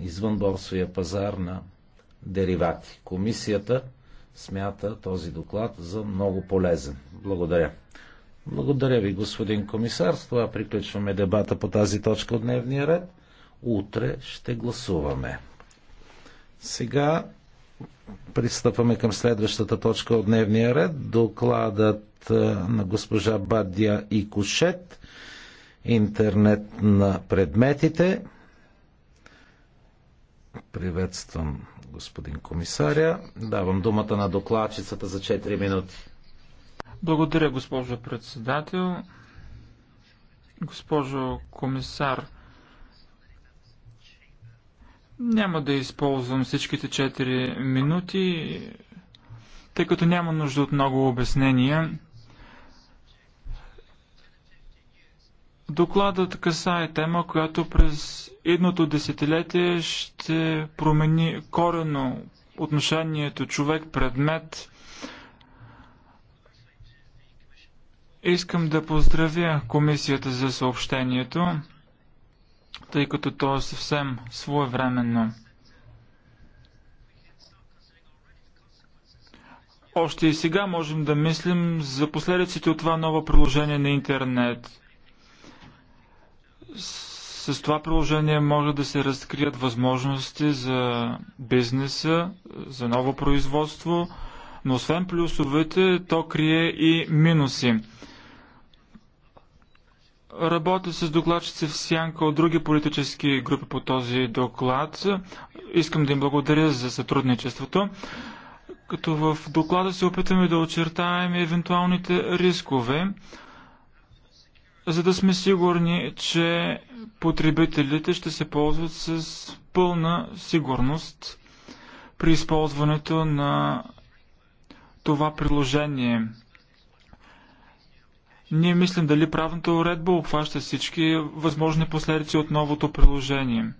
извънборсовия пазар на деривати. Комисията смята този доклад за много полезен. Благодаря. Благодаря ви, господин комисар. С това приключваме дебата по тази точка от дневния ред. Утре ще гласуваме. Сега пристъпваме към следващата точка от дневния ред. Докладът е, на госпожа Бадя и Кушет. Интернет на предметите. Приветствам господин комисаря. Давам думата на докладчицата за 4 минути. Благодаря, госпожо председател. Госпожо комисар, няма да използвам всичките 4 минути, тъй като няма нужда от много обяснения. Докладът касае тема, която през едното десетилетие ще промени корено отношението човек-предмет. Искам да поздравя комисията за съобщението, тъй като то е съвсем своевременно. Още и сега можем да мислим за последиците от това ново приложение на интернет – с това приложение може да се разкрият възможности за бизнеса, за ново производство, но освен плюсовете, то крие и минуси. Работя с докладчици в сянка от други политически групи по този доклад. Искам да им благодаря за сътрудничеството. Като в доклада се опитаме да очертаем евентуалните рискове, за да сме сигурни, че потребителите ще се ползват с пълна сигурност при използването на това приложение. Ние мислим дали правната уредба обхваща всички възможни последици от новото приложение.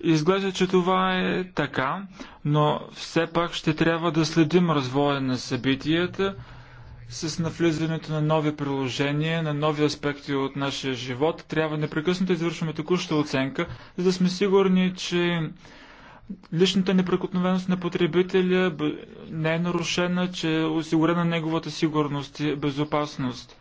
Изглежда, че това е така, но все пак ще трябва да следим развоя на събитията, с навлизането на нови приложения, на нови аспекти от нашия живот, трябва непрекъснато да извършваме текуща оценка, за да сме сигурни, че личната непрекосновеност на потребителя не е нарушена, че е осигурена неговата сигурност и безопасност.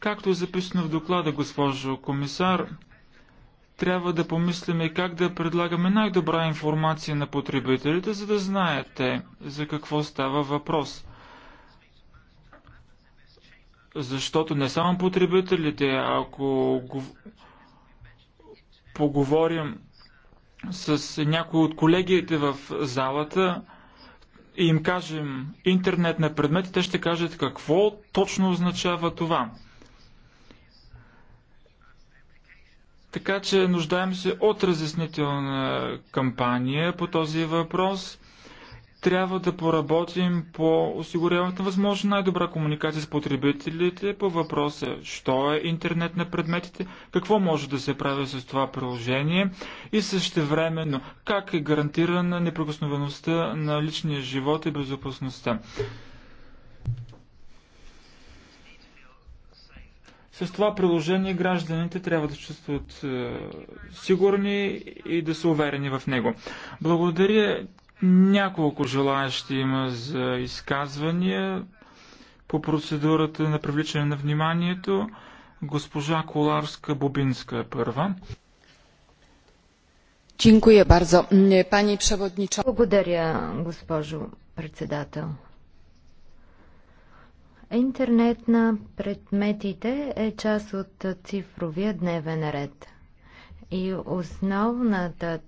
Както е записано в доклада, госпожо комисар, трябва да помислиме как да предлагаме най-добра информация на потребителите, за да знаят те за какво става въпрос. Защото не само потребителите, ако го... поговорим с някои от колегиите в залата и им кажем интернет на предмети, те ще кажат какво точно означава това. Така че нуждаем се от разяснителна кампания по този въпрос. Трябва да поработим по осигуряването на възможно най-добра комуникация с потребителите по въпроса, що е интернет на предметите, какво може да се прави с това приложение и същевременно как е гарантирана неприкосновеността на личния живот и безопасността. С това приложение гражданите трябва да се чувстват е, сигурни и да са уверени в него. Благодаря. Няколко желаящи има за изказвания по процедурата на привличане на вниманието. Госпожа Коларска-Бубинска е първа. Благодаря, госпожо председател. Интернет на предметите е част от цифровия дневен ред. И основната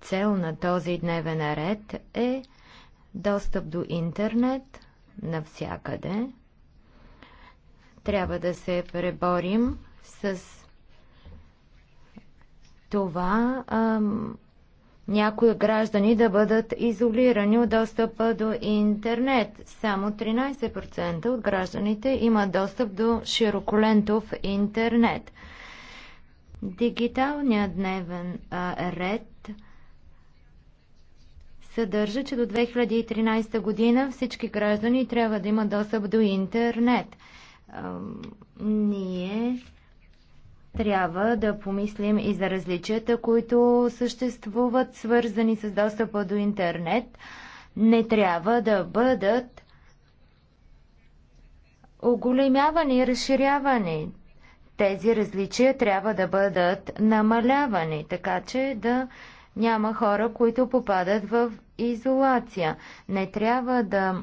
цел на този дневен ред е достъп до интернет навсякъде. Трябва да се преборим с това ам, някои граждани да бъдат изолирани от достъпа до интернет. Само 13% от гражданите имат достъп до широколентов интернет. Дигиталният дневен а, ред съдържа, че до 2013 година всички граждани трябва да имат достъп до интернет. А, ние трябва да помислим и за различията, които съществуват, свързани с достъпа до интернет. Не трябва да бъдат оголемявани, разширявани. Тези различия трябва да бъдат намалявани, така че да няма хора, които попадат в изолация. Не трябва да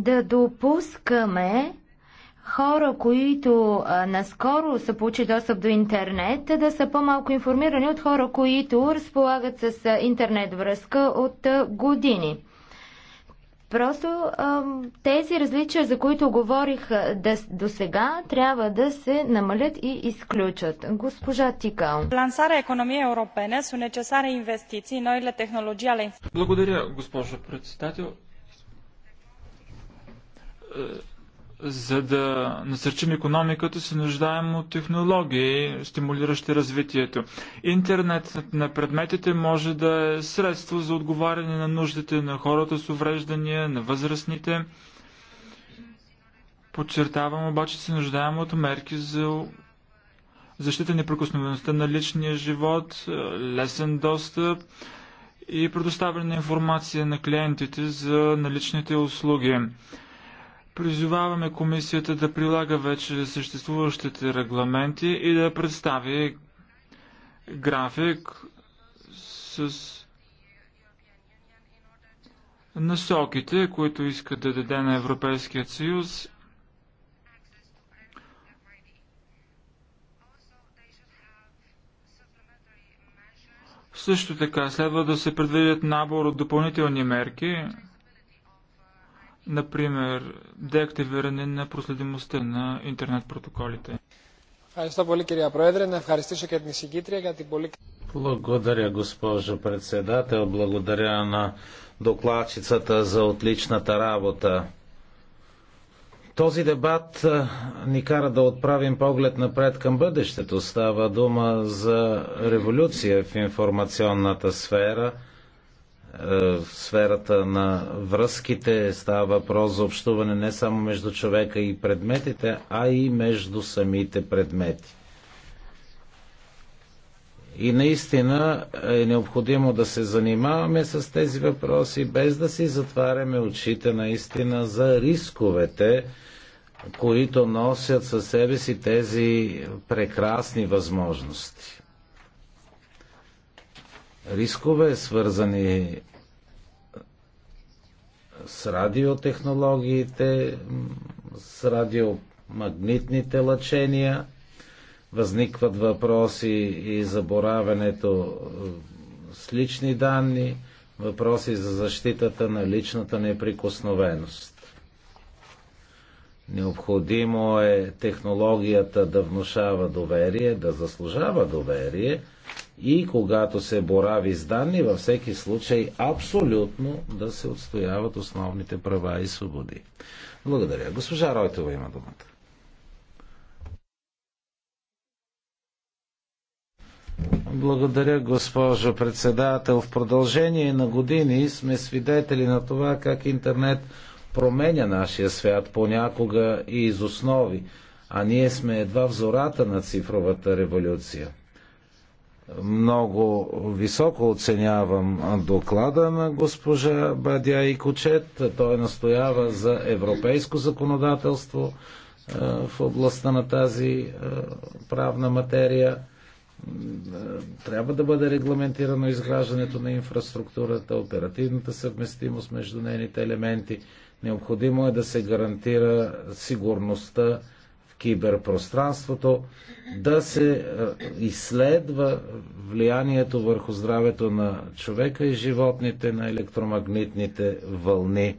да допускаме хора, които а, наскоро са получили достъп до интернет, да са по-малко информирани от хора, които разполагат с а, интернет връзка от а, години. Просто а, тези различия, за които говорих да, до сега, трябва да се намалят и изключат. Госпожа Тикал. Лансара економия европене са necesare инвестиции, noile tehnologii ale... Благодаря, госпожо председател за да насърчим економиката, се нуждаем от технологии, стимулиращи развитието. Интернет на предметите може да е средство за отговаряне на нуждите на хората с увреждания, на възрастните. Подчертавам обаче, се нуждаем от мерки за защита неприкосновеността на личния живот, лесен достъп и предоставяне на информация на клиентите за наличните услуги. Призоваваме комисията да прилага вече съществуващите регламенти и да представи график с насоките, които иска да даде на Европейския съюз Също така следва да се предвидят набор от допълнителни мерки, Например, деактивиране на проследимостта на интернет протоколите. Благодаря, госпожо председател. Благодаря на докладчицата за отличната работа. Този дебат ни кара да отправим поглед напред към бъдещето. Става дума за революция в информационната сфера – в сферата на връзките става въпрос за общуване не само между човека и предметите, а и между самите предмети. И наистина е необходимо да се занимаваме с тези въпроси, без да си затваряме очите наистина за рисковете, които носят със себе си тези прекрасни възможности рискове, свързани с радиотехнологиите, с радиомагнитните лъчения. Възникват въпроси и за боравенето с лични данни, въпроси за защитата на личната неприкосновеност. Необходимо е технологията да внушава доверие, да заслужава доверие, и когато се борави с данни, във всеки случай абсолютно да се отстояват основните права и свободи. Благодаря. Госпожа Ройтова има думата. Благодаря, госпожо председател. В продължение на години сме свидетели на това как интернет променя нашия свят понякога и из основи, а ние сме едва в зората на цифровата революция. Много високо оценявам доклада на госпожа Бадя и кучет. Той настоява за европейско законодателство е, в областта на тази е, правна материя. Е, трябва да бъде регламентирано изграждането на инфраструктурата, оперативната съвместимост между нейните елементи. Необходимо е да се гарантира сигурността киберпространството, да се е, изследва влиянието върху здравето на човека и животните на електромагнитните вълни.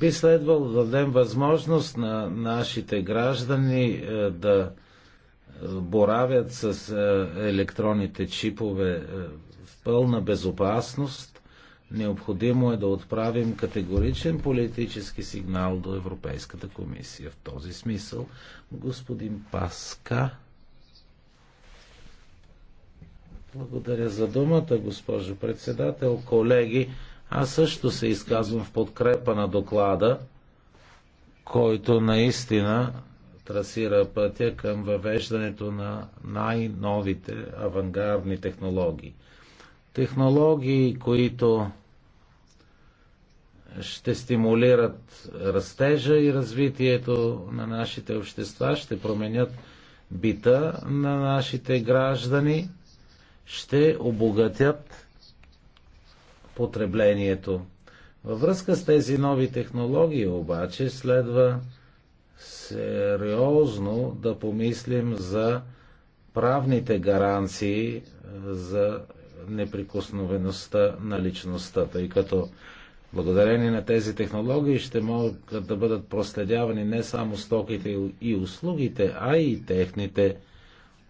Би следвало да дадем възможност на нашите граждани е, да боравят с е, електронните чипове е, в пълна безопасност, необходимо е да отправим категоричен политически сигнал до Европейската комисия. В този смисъл, господин Паска. Благодаря за думата, госпожо председател. Колеги, аз също се изказвам в подкрепа на доклада, който наистина трасира пътя към въвеждането на най-новите авангардни технологии. Технологии, които ще стимулират растежа и развитието на нашите общества, ще променят бита на нашите граждани, ще обогатят потреблението. Във връзка с тези нови технологии обаче следва сериозно да помислим за правните гаранции е, за неприкосновеността на личността, тъй като благодарение на тези технологии ще могат да бъдат проследявани не само стоките и услугите, а и техните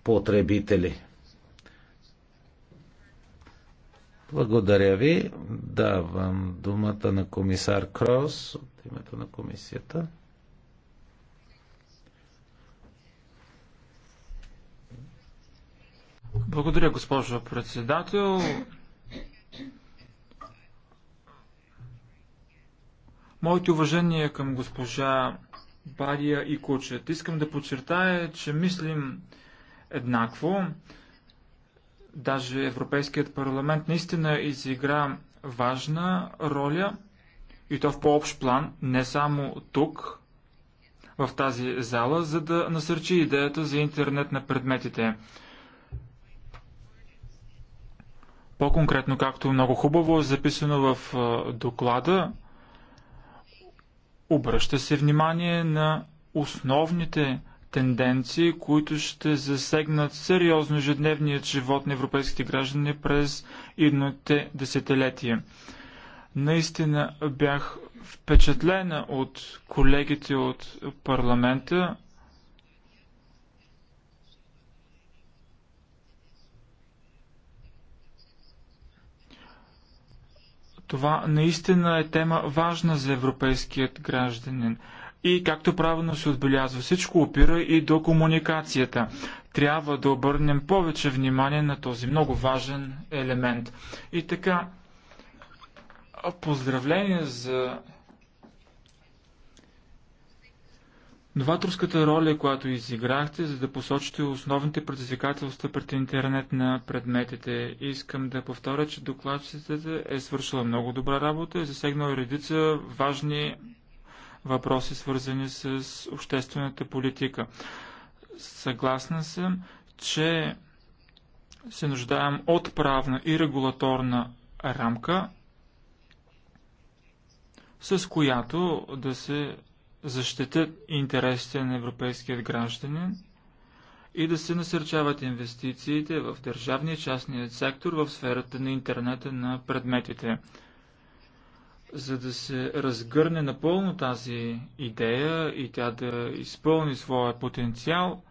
потребители. Благодаря ви. Давам думата на комисар Крос от името на комисията. Благодаря, госпожо председател. Моите уважения към госпожа Бадия и Кучет. Искам да подчертая, че мислим еднакво. Даже Европейският парламент наистина изигра важна роля и то в по-общ план, не само тук, в тази зала, за да насърчи идеята за интернет на предметите. По-конкретно, както много хубаво е записано в доклада, обръща се внимание на основните тенденции, които ще засегнат сериозно ежедневният живот на европейските граждани през идните десетилетия. Наистина бях впечатлена от колегите от парламента, Това наистина е тема важна за европейският гражданин. И както правилно се отбелязва, всичко опира и до комуникацията. Трябва да обърнем повече внимание на този много важен елемент. И така, поздравление за новаторската роля, която изиграхте, за да посочите основните предизвикателства пред интернет на предметите. Искам да повторя, че докладчицата е свършила много добра работа, е засегнала редица важни въпроси, свързани с обществената политика. Съгласна съм, че се нуждаем от правна и регулаторна рамка, с която да се защитят интересите на европейският гражданин и да се насърчават инвестициите в държавния и частния сектор в сферата на интернета на предметите. За да се разгърне напълно тази идея и тя да изпълни своя потенциал,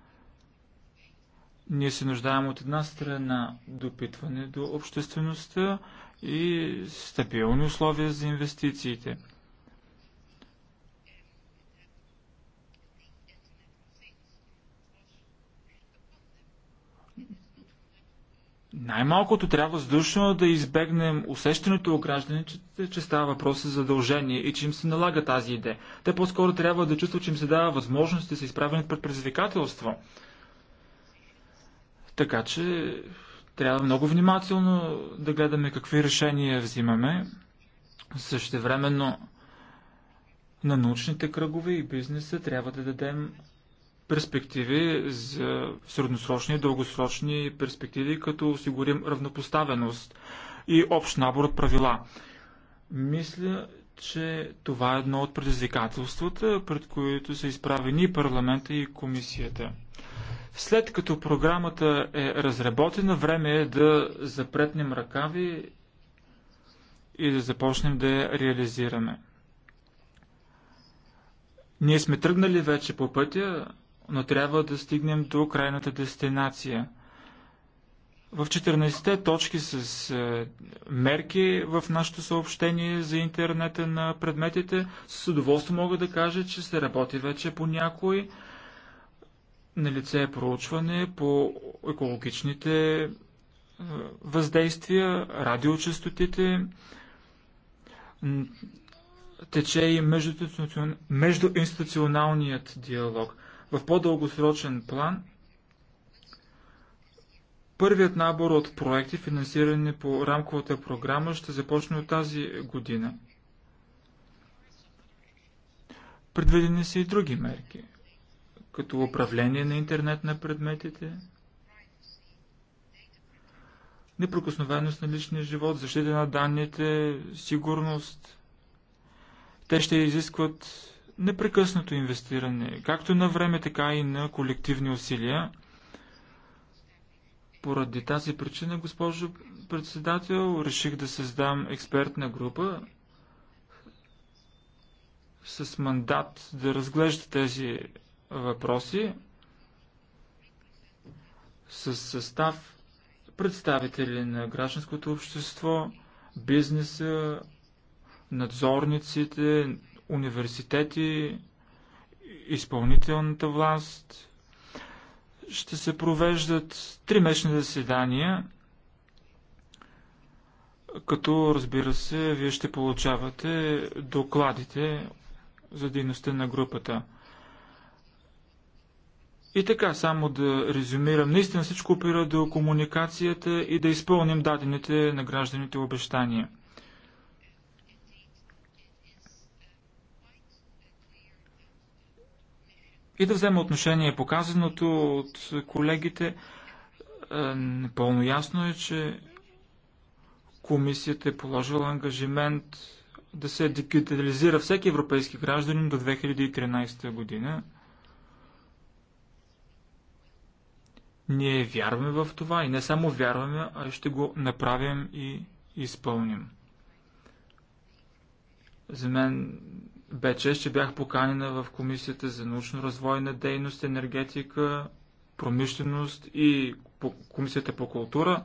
ние се нуждаем от една страна допитване до обществеността и стабилни условия за инвестициите – Най-малкото трябва задушно да избегнем усещането у гражданите, че, че става въпрос за задължение и че им се налага тази идея. Те по-скоро трябва да чувстват, че им се дава възможност да се изправят пред предизвикателство. Така че трябва много внимателно да гледаме какви решения взимаме. Същевременно на научните кръгове и бизнеса трябва да дадем перспективи за средносрочни и дългосрочни перспективи, като осигурим равнопоставеност и общ набор от правила. Мисля, че това е едно от предизвикателствата, пред които са изправени и парламента и комисията. След като програмата е разработена, време е да запретнем ръкави и да започнем да я реализираме. Ние сме тръгнали вече по пътя, но трябва да стигнем до крайната дестинация. В 14-те точки с е, мерки в нашето съобщение за интернета на предметите, с удоволство мога да кажа, че се работи вече по някой. На лице е проучване по екологичните е, въздействия, радиочастотите, тече и междуинституционалният диалог в по-дългосрочен план първият набор от проекти, финансирани по рамковата програма, ще започне от тази година. Предвидени са и други мерки, като управление на интернет на предметите, неприкосновеност на личния живот, защита на данните, сигурност. Те ще изискват непрекъснато инвестиране, както на време, така и на колективни усилия. Поради тази причина, госпожо председател, реших да създам експертна група с мандат да разглежда тези въпроси с състав представители на гражданското общество, бизнеса, надзорниците, университети, изпълнителната власт. Ще се провеждат тримесечни заседания, като разбира се, вие ще получавате докладите за дейността на групата. И така, само да резюмирам, наистина всичко опира до комуникацията и да изпълним дадените на гражданите обещания. и да взема отношение показаното от колегите. Е, напълно ясно е, че комисията е положила ангажимент да се дигитализира всеки европейски гражданин до 2013 година. Ние вярваме в това и не само вярваме, а ще го направим и изпълним. За мен вече ще че бях поканена в Комисията за научно-развойна дейност, енергетика, промишленост и Комисията по култура.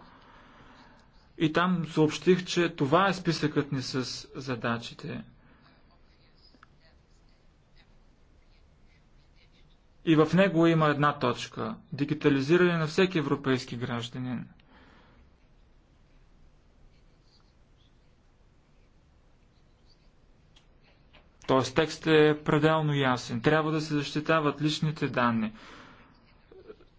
И там съобщих, че това е списъкът ни с задачите. И в него има една точка – дигитализиране на всеки европейски гражданин – Тоест текстът е пределно ясен. Трябва да се защитават личните данни.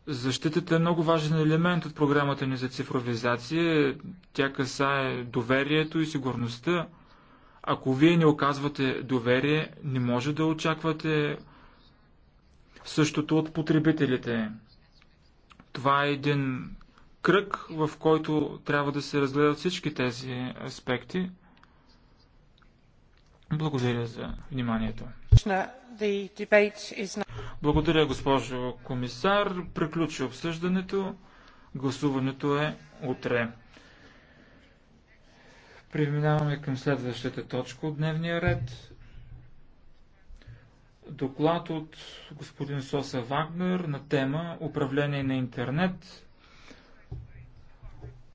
Защитата е много важен елемент от програмата ни за цифровизация. Тя касае доверието и сигурността. Ако вие не оказвате доверие, не може да очаквате същото от потребителите. Това е един кръг, в който трябва да се разгледат всички тези аспекти – благодаря за вниманието. Благодаря, госпожо комисар. Приключи обсъждането. Гласуването е утре. Преминаваме към следващата точка от дневния ред. Доклад от господин Соса Вагнер на тема Управление на интернет